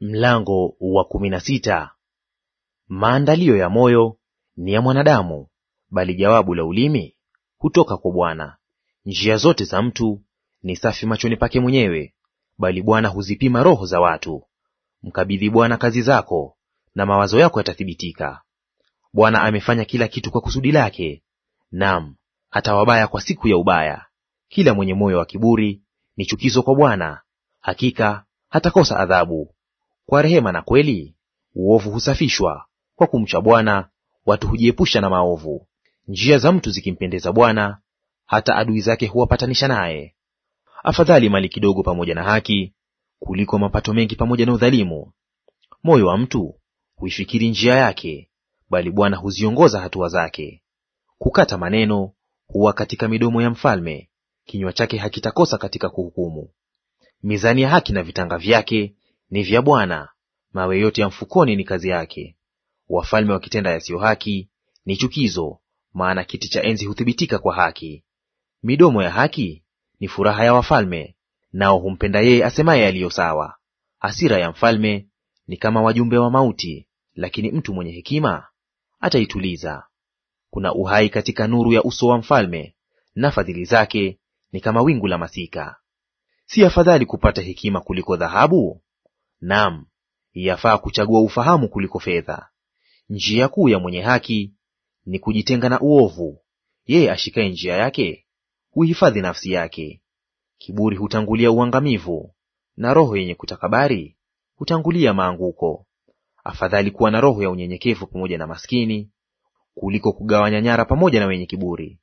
Mlango wa kumi na sita. Maandalio ya moyo ni ya mwanadamu, bali jawabu la ulimi hutoka kwa Bwana. Njia zote za mtu ni safi machoni pake mwenyewe, bali Bwana huzipima roho za watu. Mkabidhi Bwana kazi zako, na mawazo yako yatathibitika. Bwana amefanya kila kitu kwa kusudi lake, naam, hata wabaya kwa siku ya ubaya. Kila mwenye moyo wa kiburi ni chukizo kwa Bwana, hakika hatakosa adhabu. Kwa rehema na kweli uovu husafishwa; kwa kumcha Bwana watu hujiepusha na maovu. Njia za mtu zikimpendeza Bwana, hata adui zake huwapatanisha naye. Afadhali mali kidogo pamoja na haki, kuliko mapato mengi pamoja na udhalimu. Moyo wa mtu huifikiri njia yake, bali Bwana huziongoza hatua zake. Kukata maneno huwa katika midomo ya mfalme, kinywa chake hakitakosa katika kuhukumu. Mizani ya haki na vitanga vyake ni vya Bwana, mawe yote ya mfukoni ni kazi yake. Wafalme wakitenda yasiyo haki ni chukizo, maana kiti cha enzi huthibitika kwa haki. Midomo ya haki ni furaha ya wafalme, nao humpenda yeye asemaye yaliyo sawa. Hasira ya mfalme ni kama wajumbe wa mauti, lakini mtu mwenye hekima ataituliza. Kuna uhai katika nuru ya uso wa mfalme, na fadhili zake ni kama wingu la masika. Si afadhali kupata hekima kuliko dhahabu, Naam, yafaa kuchagua ufahamu kuliko fedha. Njia kuu ya mwenye haki ni kujitenga na uovu; yeye ashikaye njia yake huhifadhi nafsi yake. Kiburi hutangulia uangamivu, na roho yenye kutakabari hutangulia maanguko. Afadhali kuwa na roho ya unyenyekevu pamoja na maskini kuliko kugawanya nyara pamoja na wenye kiburi.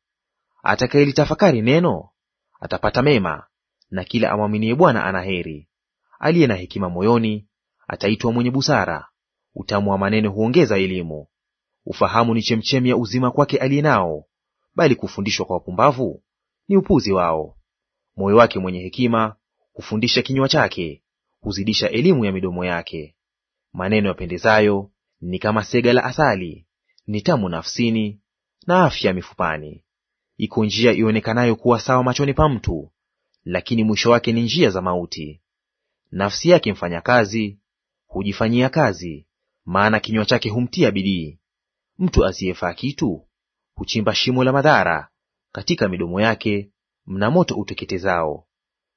Atakayelitafakari neno atapata mema, na kila amwaminie Bwana ana heri aliye na hekima moyoni ataitwa mwenye busara. Utamu wa maneno huongeza elimu. Ufahamu ni chemchemi ya uzima kwake aliye nao, bali kufundishwa kwa wapumbavu ni upuzi wao. Moyo wake mwenye hekima hufundisha kinywa chake, huzidisha elimu ya midomo yake. Maneno yapendezayo ni kama sega la asali, ni tamu nafsini na afya mifupani. Iko njia ionekanayo kuwa sawa machoni pa mtu, lakini mwisho wake ni njia za mauti. Nafsi yake mfanya kazi hujifanyia kazi, maana kinywa chake humtia bidii. Mtu asiyefaa kitu huchimba shimo la madhara, katika midomo yake mna moto uteketezao.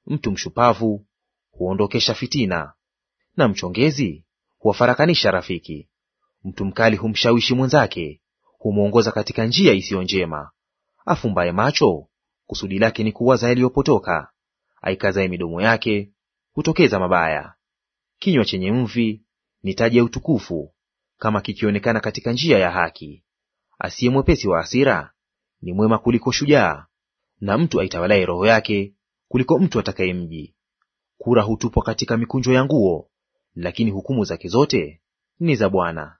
Mtu mshupavu huondokesha fitina, na mchongezi huwafarakanisha rafiki. Mtu mkali humshawishi mwenzake, humwongoza katika njia isiyo njema. Afumbaye macho kusudi lake ni kuwaza yaliyopotoka, aikazaye midomo yake kutokeza mabaya. Kinywa chenye mvi ni taji ya utukufu, kama kikionekana katika njia ya haki. Asiye mwepesi wa hasira ni mwema kuliko shujaa, na mtu aitawalaye roho yake kuliko mtu atakayemji. Kura hutupwa katika mikunjo ya nguo, lakini hukumu zake zote ni za Bwana.